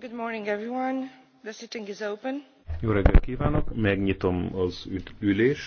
Good morning Jó reggelt kívánok, megnyitom az ülés.